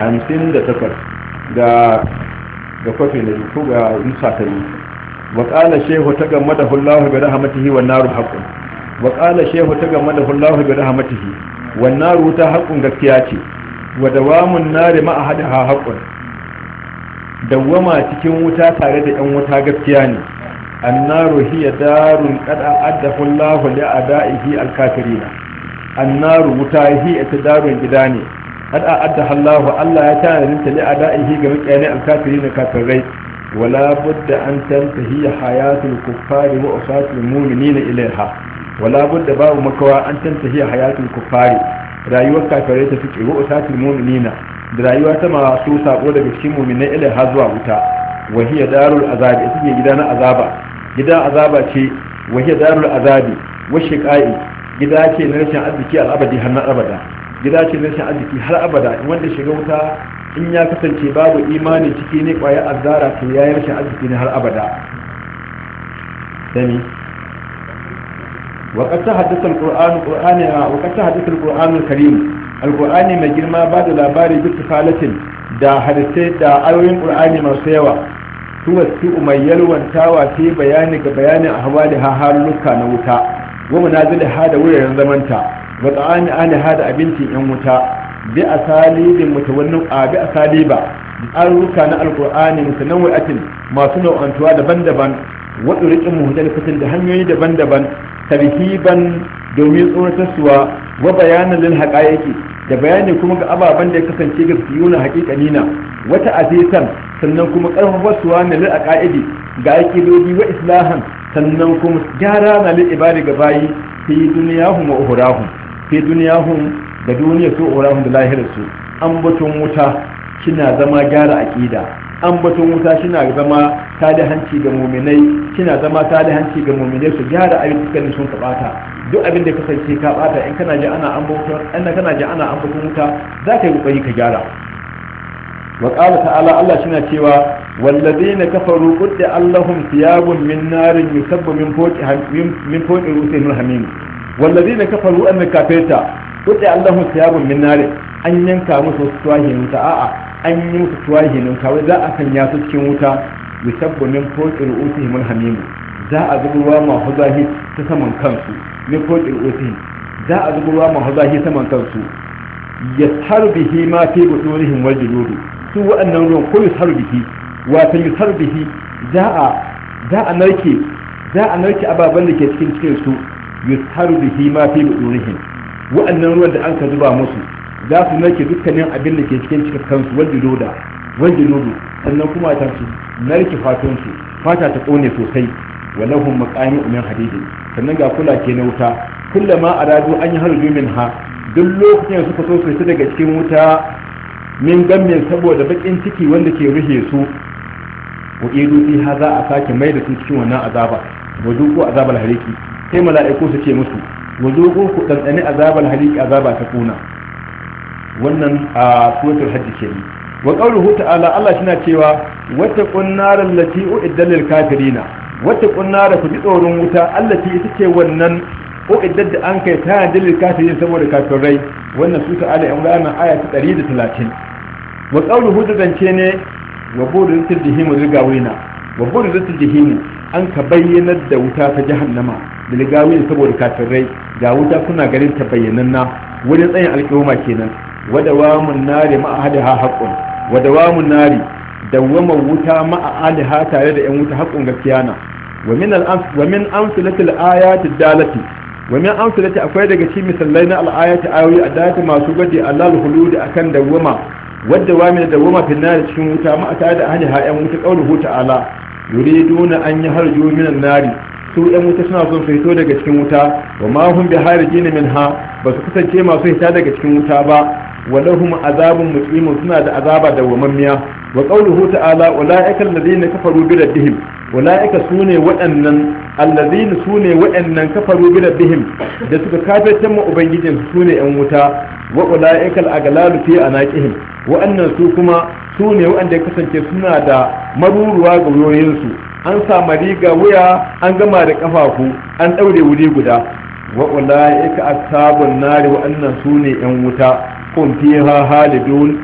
hamsin da takwas ga ga kwafi na ko ga nusa ta yi wa ƙala shehu ta gama da hullahu bi rahmatihi wa naru haqqun wa ƙala shehu ta gama da hullahu bi rahmatihi wa naru ta haqqun gaskiya ce wa dawamun nari ma ahadaha haqqun dawwama cikin wuta tare da yan wuta gaskiya ne annaru hiya darun qad a'addahu Allahu li ada'ihi al-kafirina annaru wuta hiya darun gida ne قد أعدها الله ألا يتعلم لأدائه جميع الكافرين كافرين ولا بد أن تنتهي حياة الكفار وأساة المؤمنين إليها ولا بد باب مكوى أن تنتهي حياة الكفار رأيوة كافرية تفكر وأساة المؤمنين رأيوة ما سوسا قولة بكشم من إليها زواوتا وهي دار الأذاب إتجي جدان أذابا جدان أذابا شيء وهي دار الأذاب والشكائي جدان شيء نرشان أذكي الأبدي هنا أبدا gida ce rashin arziki har abada wanda shiga wuta in ya kasance babu imani ciki ne kwaya azara ke ya yi rashin arziki ne har abada sani وقد تحدث القرآن القرآن وقد تحدث القرآن الكريم القرآن ما جرما بعد الأبار باتفالة da حدثت دا أروين قرآن ما سيوا tuwa su mai yalwantawa ta bayani ga bayanin a hawa da na wuta wa munazili ha da wuraren zamanta ga tsani ali hada abincin yan wuta bi asalibin mutawannin a bi asaliba arruka na alqur'ani mutanawwi'atin masu nau'antuwa daban-daban wa turiqin muhtalifatin da hanyoyi daban-daban tarhiban domin tsoratarsuwa wa bayanan lil haqaiqi da bayani kuma ga ababen da ya kasance ga siyuna haƙiƙanina wata azisan sannan kuma ƙarfafa suwa na lil aqaidi ga aƙidodi wa islahan sannan kuma gyara na lil ibadi ga bayi fi duniyahum wa uhrahum fi duniyahum da duniya su orahun da lahirarsu an batun wuta kina zama gyara aqida an batun wuta kina zama talihanci ga muminai kina zama talihanci ga muminai su gyara ayyukan da sun kabata duk abin da kasance ka bata in kana ji ana an batun in kana ji ana an batun wuta za ka yi kokari ka gyara wa qala ta'ala Allah na cewa والذين كفروا قد اللهم ثياب min narin يسب من min من فوق رؤوسهم الحميم wallazina kafaru an kafeta kudi Allahu thiyabun min nar an yanka musu tuwahin wuta a'a an yi musu tuwahin kawai za a sanya su cikin wuta yusabbu min fawqi ru'usihim al-hamim za a zuba ruwa mahu zahi ta saman kansu min fawqi ru'usihim za a zuba ruwa mahu zahi saman kansu Ya yasharu bihi ma fi buturihim wal juludi su wa'annan ruwan ko yusharu bihi wato yusharu bihi za a za a narke za a narke ababan da ke cikin cikin su yusaru bihi ma fi budurihim wa'annan ruwan da an ka zuba musu za su narke dukkanin abin da ke cikin cikin kansu wal jududa wal jududu sannan kuma ta su narke fatun su fata ta kone sosai wa lahum maqami min hadidi sannan ga kula ke na wuta kullama aradu an yi min ha duk lokacin suka so su daga cikin wuta min gamme saboda bakin ciki wanda ke rufe su wa idu fi haza a sake mai da su cikin wannan azaba wa duk azabal hariki sai mala'iku su ce musu wuzuku ku dandane azabal haliki azaba ta kuna wannan a suratul hajj kenan wa qawluhu ta'ala Allah yana cewa wata naral lati u'iddat lil kafirina wata nar ku ji tsoron wuta allati ita ce wannan u'iddat da an kai ta dalil kafirin saboda kafirai wannan su ta'ala imran aya ta 130 wa qawluhu da zance ne wa budu sirjihimu rigawina wa burin sirjihimu an ka bayyana da wuta ta jahannama da bilgawi saboda kafirai ga wuta kuna ganin ta na wurin tsayin alƙawuma kenan wada ma nari ha haqqun wada wamun nari dawwama wuta ha tare da yan wuta haqqun gaskiya na wa min al wa min amsalatil ayati dalati wa min amsalati akwai daga cikin misalai na al-ayati ayoyi adati masu gadi alal hulud akan dawwama wadda wa min dawwama fi nari cikin wuta ma'a tare da ha yan wuta qawluhu ta'ala yuriduna an yaharju minan nari su yan wuta suna son su fito daga cikin wuta wa ma hum bi harijin minha ba su kasance masu fita daga cikin wuta ba wa lahum azabun muqimun suna da azaba da wamammiya wa qawluhu ta'ala ulaika alladhina kafaru bi rabbihim ulaika sune waɗannan alladhina sune waɗannan kafaru bi rabbihim da suka kafirta mu ubangijin sune yan wuta wa ulaika alaglalu fi anaqihim waɗannan su kuma sune waɗanda ya kasance suna da maruruwa ga yoyinsu an samari riga wuya an gama da kafafu an ɗaure wuri guda wa ulaika ashabun nari wa annan sune yan wuta kun ha halidun